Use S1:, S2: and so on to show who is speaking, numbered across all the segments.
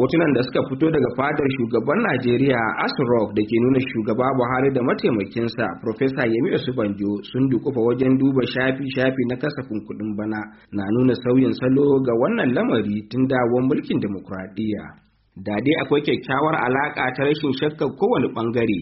S1: hotunan da suka fito daga fadar shugaban Najeriya Asrock da ke nuna shugaba Buhari da mataimakinsa Profesa Yemi Osubanjo sun dukufa wajen duba shafi-shafi na kasafin kuɗin bana na nuna sauyin salo ga wannan lamari tun dawon mulkin demokuraɗiyya. Da dai akwai kyakkyawar alaƙa ta rashin shakkar kowane ɓangare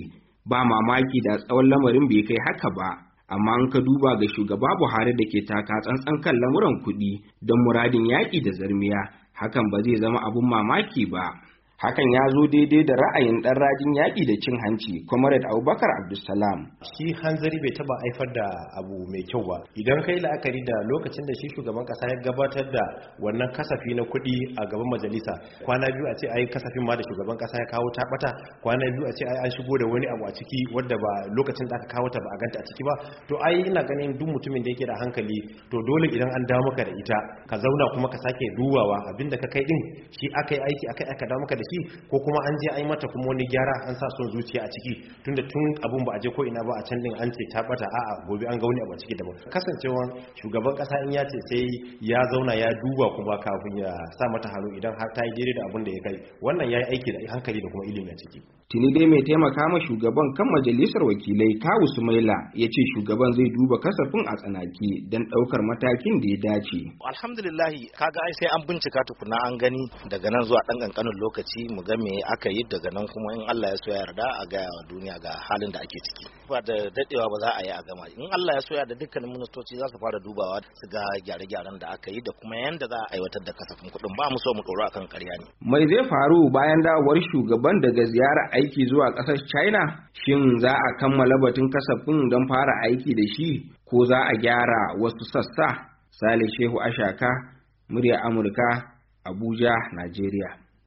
S1: ba mamaki da tsawon lamarin bai kai haka ba. amma an ka duba ga shugaba Buhari da ke taka tsantsan kan lamuran kuɗi don muradin yaƙi da zarmiya hakan ba zai zama abun mamaki ba hakan ya zo daidai da ra'ayin ɗan rajin yaƙi da cin hanci comrade abubakar abdulsalam
S2: shi hanzari bai taba haifar da abu mai kyau ba idan kai la'akari da lokacin da shi shugaban ƙasa ya gabatar da wannan kasafi na kuɗi a gaban majalisa kwana biyu a ce ai kasafin ma da shugaban ƙasa ya kawo ta bata kwana biyu a ce ai an shigo da wani abu a ciki wanda ba lokacin da aka kawo ta ba a ganta a ciki ba to ai ina ganin duk mutumin da yake da hankali to dole idan an dawo maka da ita ka zauna kuma ka sake dubawa abinda ka kai din shi aka yi aiki aka aka dawo maka da ciki ko kuma an je an mata kuma wani gyara an sa son zuciya a ciki tunda tun abun ba a je ko ina ba a can din an ce ta bata a'a gobe an ga wani abu a ciki daban kasancewa shugaban kasa in ya ce sai ya zauna ya duba kuma kafin ya sa mata hannu idan har ta yi daidai da abun da ya kai wannan ya yi aiki da hankali da kuma ilimi a ciki
S1: tuni dai mai taimaka ma shugaban kan majalisar wakilai kawu sumaila ya ce shugaban zai duba kasafin a tsanaki don ɗaukar matakin da ya dace
S3: alhamdulillahi kaga ai sai an bincika tukuna an gani daga nan zuwa ɗan ƙanƙanin lokaci mu ga me aka yi daga nan kuma in Allah ya so yarda a gaya wa duniya ga halin da ake ciki ba da dadewa ba za a yi a gama in Allah ya so ya da dukkanin ministoci za su fara dubawa su ga gyare-gyaren da aka yi da kuma yanda za a aiwatar da kasafin kuɗin ba mu so mu tsoro akan ƙarya ne
S1: mai zai faru bayan dawowar shugaban daga ziyara aiki zuwa ƙasar China shin za a kammala batun kasafin don fara aiki da shi ko za a gyara wasu sassa Sale Shehu Ashaka, murya Amurka, Abuja, Najeriya.